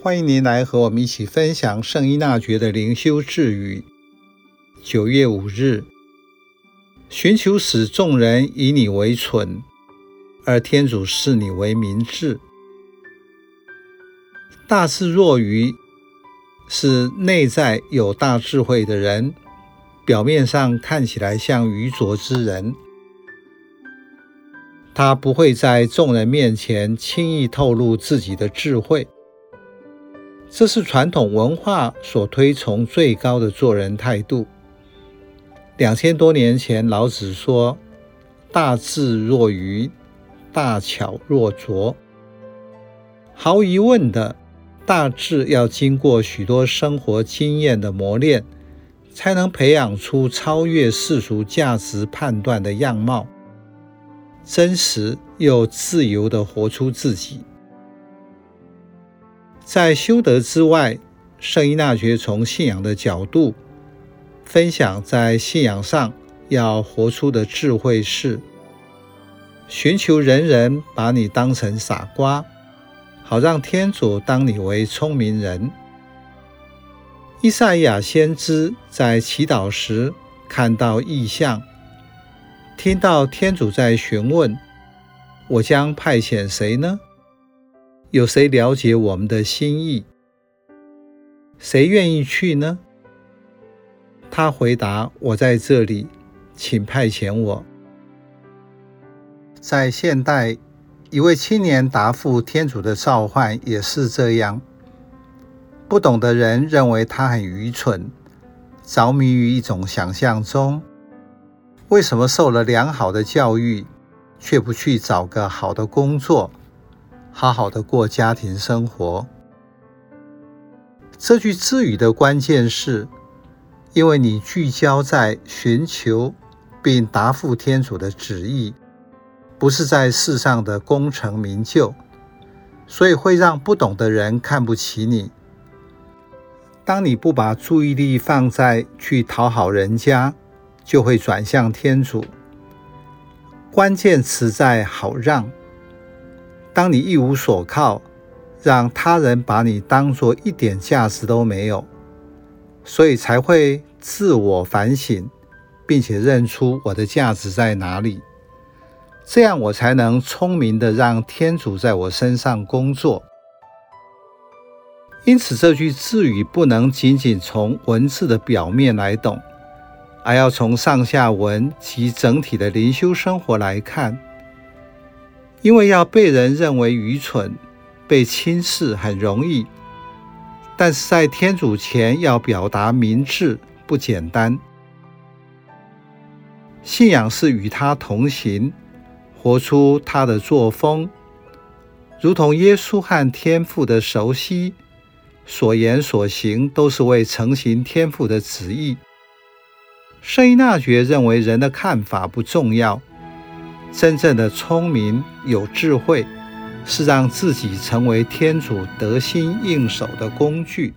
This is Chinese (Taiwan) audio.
歡迎您來和我們一起分享聖依納爵的靈修智語。九月五日，尋求使眾人以你為蠢，而天主視你為明智。大智若愚，是內在有大智慧的人，表面上看起來像愚拙之人。他不會在眾人面前輕易透露自己的智慧。這是傳統文化所推崇最高的做人態度。兩千多年前，老子說：“大智若愚，大巧若拙。”毫無疑問的，大智要經過許多生活經驗的磨練，才能培養出超越世俗價值判斷的樣貌，真實又自由的活出自己。在修德之外，聖依納爵從信仰的角度分享，在信仰上要活出的智慧是：尋求人人把你當成傻瓜，好讓天主當你為聰明人。依撒意亞先知在祈禱時看到異象，聽到天主在詢問：“我將派遣誰呢？”有誰了解我們的心意？誰願意去呢？他回答：“我在這裡，請派遣我。”在現代，一位青年答覆天主的召喚也是這樣。不懂的人認為他很愚蠢，着迷於一種想象中。為什麼受了良好的教育，卻不去找個好的工作？好好的過家庭生活。這句智語的關鍵是，因為你聚焦在尋求並答覆天主的旨意，不是在世上的功成名就，所以會讓不懂的人看不起你。當你不把注意力放在去討好人家，就會轉向天主。關鍵詞在好讓。當你一無所靠，讓他人把你當做一點價值都沒有，所以才會自我反省，並且認出我的價值在哪裡。這樣我才能聰明的讓天主在我身上工作。因此，這句智語不能僅僅從文字的表面來懂，而要從上下文及整體的靈修生活來看。因為要被人認為愚蠢、被輕視很容易，但是在天主前要表達明智不簡單。信仰是與他同行，活出他的作風，如同耶穌和天父的熟悉，所言所行都是為承行天父的旨意。聖依納爵認為人的看法不重要。真正的聰明有智慧，是讓自己成為天主得心應手的工具。